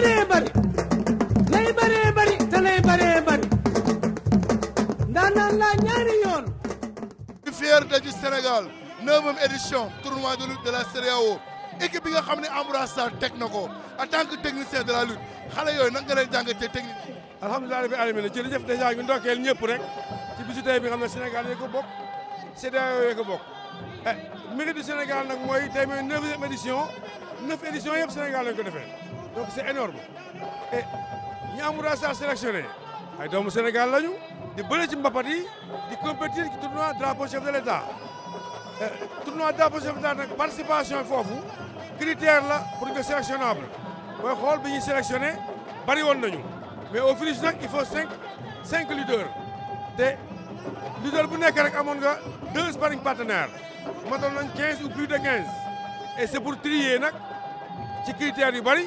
bëree bëri lay bëree bëri te lay bëree bëri ndaanaan la ñaari yoon de du Sénégal 9e édition tournoi de lutte de la CEDEAO équipe bi nga xamné ne Ambroise Sarr en tant que technicien de la lutte xalé yoy nag nga leen jàngatee technique alhamdoulillah bi alamin ci alamin jërëjëf dèjà ñu ndokkeel ñëpp rek ci visite bi nga xam Sénégal yee ko bokk CEDEAO yee ko bokk eh, mérite du Sénégal nag mooy tey 9e édition neuf édition yëpp Sénégal lañ ko défé donc c'est énorme et ñi Amoura Sarr sélectionné ay doomu Sénégal lañu di bëre ci mbapat yi di compétir ci tournoi drapeau chef de l'État eh, tournoi drapeau chef de l'État nag foofu critère la pour nga sélectionnable booy xool bi ñuy sélectionné bari woon nañu mais au finish nag il faut cinq cinq leaders te leader bu nekk rek amoon nga deux sparring partenaires matoon nañ quinze ou plus de quinze et c'est pour trier nag ci critères yu bari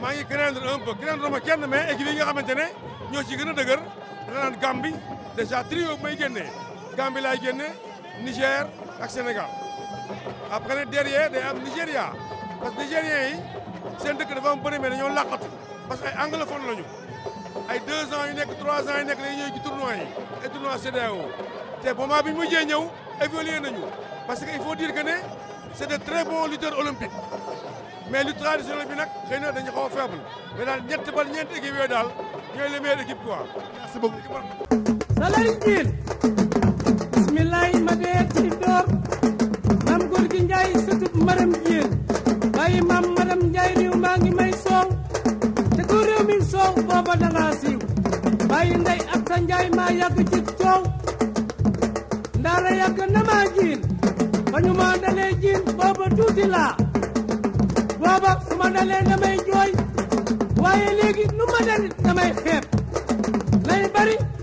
maa ngi craindre un peu craindre ma kenn mais équipe yi nga xamante ne ñoo ci gën a dëgër dana naan Gambie déjà trio may génnee laa laay génne Niger ak Sénégal après derrière day am Nigéria parce que Nigériens yi seen dëkk dafa am bëri mais dañoo làqatu parce que ay anglophone lañu ay deux ans yu nekk trois ans yu nekk dañuy ñëw ci tournoi yi ay tournoi CEDEAO te moment bi ñu mujjee ñëw évolué nañu parce que il faut dire que ne c'est de très bons lutteurs mais lu traditionnel bi nag xëy na dañu xaw a faible mais daal ñett ba ñeenti équipe yooyu daal ñooy les meilleures équipes quoi. merci beaucoup. Salar ma dee ci door. maam góor gi Ndiaye sëtub maram Djil. bàyyi maam maram Ndiaye réew maa ngi may soow. te ku réew mi soow booba da ngaa ndey ak sa Ndiaye maa yàgg ci coow. ndaara yàgg na maa jiin. ba ñu jiin booba tuuti laa. booba su ma dalee damay jooy waaye léegi nu ma damay xeeb lay bari